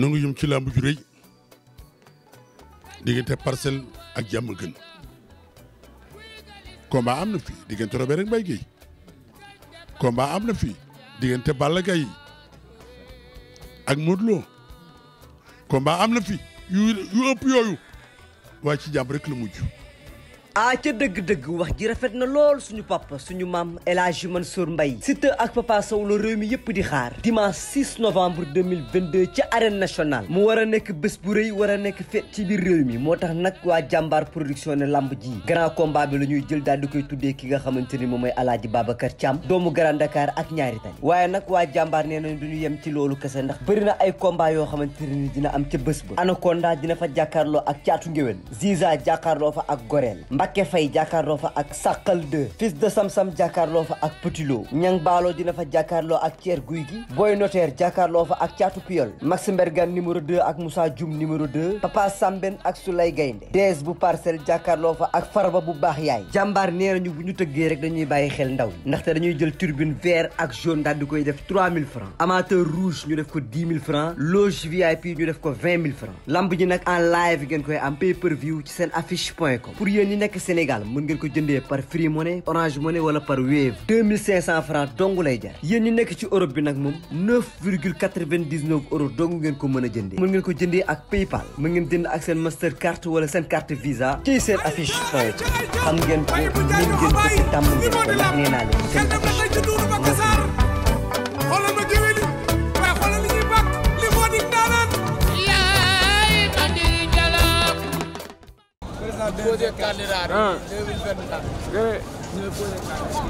nu ngi jëm ci làmb ju rëy diggante parcelle ak jàmm gën combat am na fi diggante Robert ak Mbaye Guèye combat am na fi diggante Balla Gaye ak Modou Lo combat am na fi yu yu ëpp yooyu waaye ci jàmm rek la mujj ah ca dëgg-dëgg wax ji rafet na lool suñu papa suñu maam El Hadji mbay Mbaye Siteu ak Papa Sow la réew mi yëpp di xaar dimanche 6 novembre 2022 ci arène nationale mu war a nekk bés bu rëy war a nekk fête ci biir réew mi moo tax nag waa jàmbaar production ne lamb ji grand combat bi la ñuy jël daal di koy tuddee ki nga xamante ni moom mooy Alaaji Babacar Thiam doomu Grand Dakar ak ñaari tali waaye nag waa jàmbaar nee nañ duñu yem ci loolu kese ndax bëri na ay combat yoo xamante ni dina am ca bés ba Anaconda dina fa jàkkaarloo ak caatu ngéwél Ziza jàkkaarloo fa ak Gorel Mbacke Faye jàkkaarloo fa ak Sakal 2 fils de Samsam jàkkaarloo fa ak Petit Lo Ñang Baalo dina fa jàkkaarloo ak Thier Guy gi Boy Notaire jàkkaarloo fa ak Caatu Piyol Max Mbergan numéro 2 ak Moussa Dioum numéro 2 Papa Samben ak Soulay Gaynde dees bu Parcelles jàkkaarloo fa ak Farba bu baax yaay jàmbaar nee nañu bu ñu tëggee rek dañuy bàyyi xel ndaw ndaxte dañuy jël turbine vert ak jaune daal di koy def 3000 francs amateur rouge ñu def ko 10 000 francs loge VIP ñu ko 20 000 francs lamb nekk Sénégal mën ngeen ko jëndee par Free Money Orange Money wala par Wave 2500 lay jar yéen ñi nekk ci Europe bi nag moom 9,99 euros ngeen ko mën a jëndee mën ngeen ko jëndee ak Paypal mën ngeen jënd ak seen Mastercard wala seen carte Visa ci seen affiche xam ngeen ko mën ngeen posé candidat ah. deux mille vingt quatre ñooy posé candidat.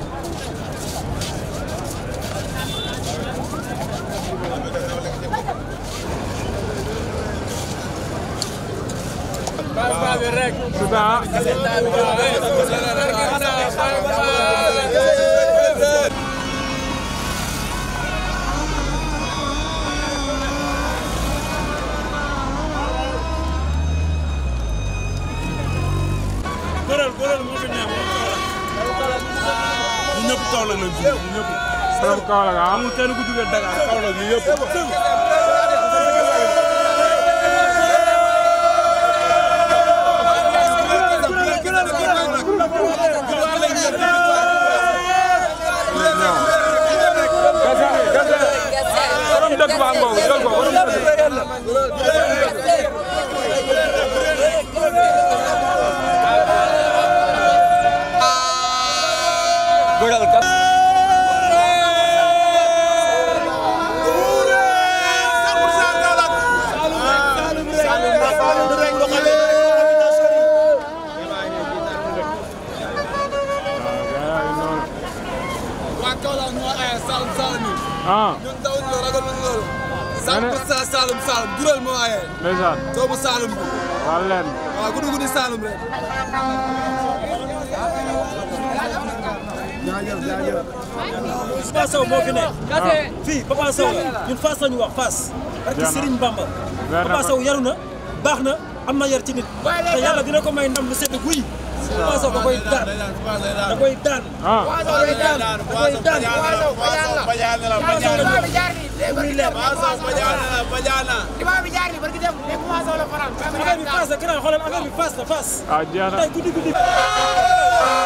base base rek. góoral góoral moo fi neex ñu ñëpp Kaolack lañ jugee ñu ñëpp. salaam Kaolack ah amul kenn ku jugee Dakar Kaolack ñu yëpp. Thank you. ah ñun daw ñu ragal ñu loolu. sànq sa Saalum Saalum jural ma waaye. ndeysaan Saalum bi. waaw leen Saalum rek. jaajëf jaajëf. Papa moo fi ne. Ah. fii Papa Sow ñun Fass la wax Fass. ak Serigne Bamba. Papa Sow yaru na baax na am na yar ci nit. te yàlla dina ko may ndam lu set guy. Poisson da koy daan da koy daan. Poisson bi jaar nii barki dem. Poisson bajaan la bajaan la. dimanche bi jaar la faral. affaire bi faas la gannaaw xoolal affaire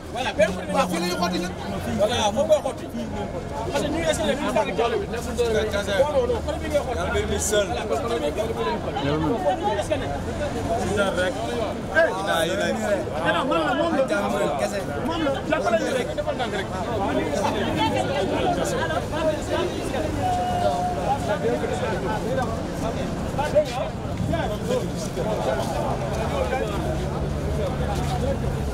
voilà benn côté waaw fii la ñu xotti ñun. voilà foofu nga xotti. parce que ñu ngi essayé fii sànq jàll bi. non non non côté bi ngay xotti. yàlla benn seul. voilà parce que côté bi ngay xotti. foofu ñu ngi escané. si sa rek. dinaa yéen ay. mais non man la moom la. moom la jàppale ñu rek. defal ndànk rek. Thank you.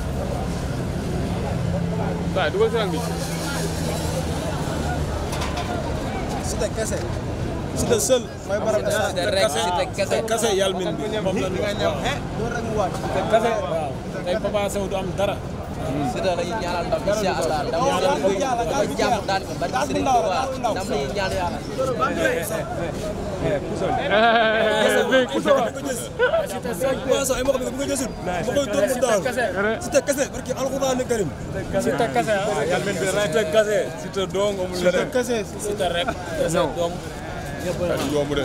waaw dugal si rang bi. Siteu kese. Siteu seul. mooy barab de saa Siteu kese kese yàlla min bi moom la ñu. waaw Siteu kese waaw. tey Papa Sow du am dara. Siteu la ñuy ñaanal ndam incha allah ndam ba jàmm daan ko barke Sëriñ Tuubaa ndam la ñuy ñaan yàlla. Pouso ay mbokk bi bu ko jësul bu koy toog mu daal Siteu kese barke alxuraan karim Siteu kese yàlla mel bi rek Siteu kese Siteu dong amul leneen Siteu rek kese dong ñëpp yomb de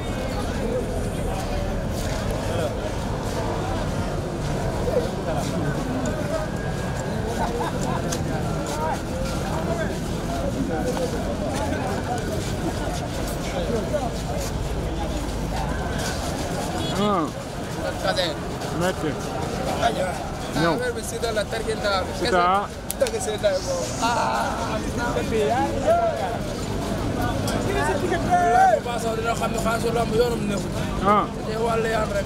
Cadê? Mete. Não. Não. la tarjeta. Está. Está que se da. Ah. Passa de la xam ne xaasu lamb yoonam nekkul. Ah. Te wàllu yaan rek.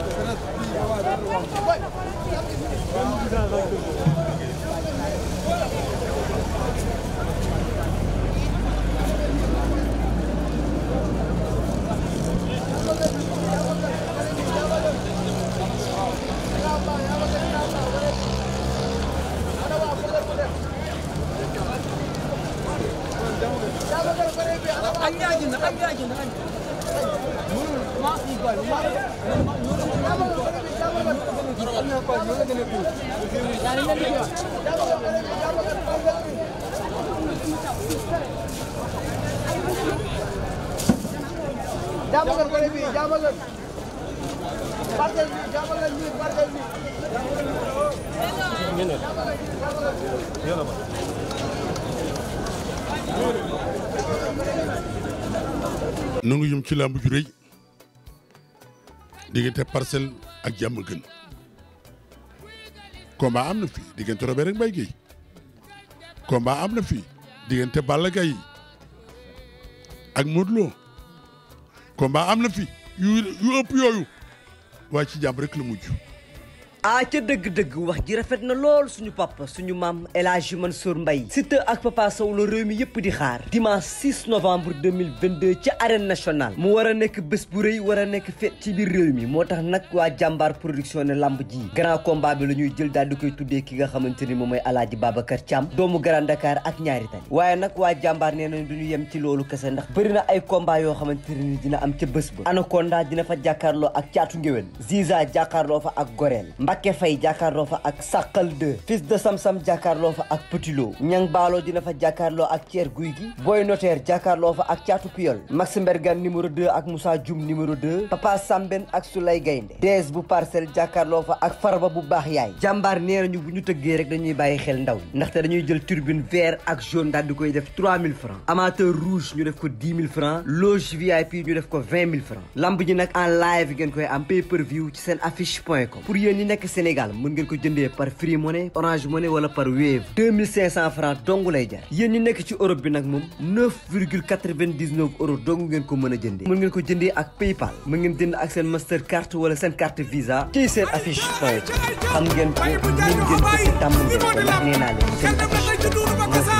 Anne acını, anne acını, anne. Jàppal ko bi jàppal barkal bi jàppal bi barkal bi ngene yalla ba nu ngi yum ci làmb ju rëy diggante parcelle ak jàmm gën combat am na fi diggante Robert ak Mbaye Guèye combat am na fi diggante Balla Gaye ak Modou Lo combat am na fi yu yu ëpp yooyu waaye ci jàmm rek la mujj ah ca dëgg-dëgg wax ji rafet na lool suñu papa suñu maam El Hadji Mansour Mbaye Siteu ak Papa Sow la réew mi yëpp di xaar dimanche 6 novembre 2022 ci arène nationale mu war a nekk bés bu rëy war a nekk fête ci biir réew mi moo tax nag waa jàmbaar production ne lamb ji grand combat bi la ñuy jël daal di koy tuddee ki nga xamante ni moom mooy El Hadji Babacar Thiam doomu Grand Dakar ak ñaari tali waaye nag waa jàmbaar nee nañ du ñu yem ci loolu kese ndax bari na ay combat yoo xamante ni dina am ca bés ba Anaconda dina fa jàkkaarloo ak caatu ngéwél Ziza jàkkaarloo fa ak Gorel Mbacke Faye jàkkaarloo fa ak Sakal 2 fils de Samsam jàkkaarloo fa ak Petit Lo Ñang Baalo dina fa jàkkaarloo ak Thier Guy gi Boy Notaire jàkkaarloo fa ak Caatu Piyol Max Mbergan numéro 2 ak Moussa Dioum numéro 2 Papa Samben ak Soulay Gaynde dees bu parcelle jàkkaarloo fa ak Farba bu baax yaay jàmbaar nee nañu bu ñu tëggee rek dañuy bàyyi xel ndaw ndaxte dañuy jël turbine vert ak jaune daal di koy def 3000 francs amateur rouge ñu def ko 10 000 francs loge VIP ñu def ko 20 000 francs lamb ji nag en live ngeen koy am pay per view ci seen affiche point com pour yéen ñi nekk nekk Sénégal mën ngeen ko jëndee par Free Money Orange Money wala par Wave 2500 francs dong lay jar yéen ñi nekk ci Europe bi nag moom 9,99 euros dong ngeen ko mën a jëndee mën ngeen ko jëndee ak Paypal mën ngeen jënd ak seen Mastercard wala seen carte Visa ci seen affiche point xam ngeen ko mën ngeen ko tàmm ngeen ko ndax nee naa leen seen affiche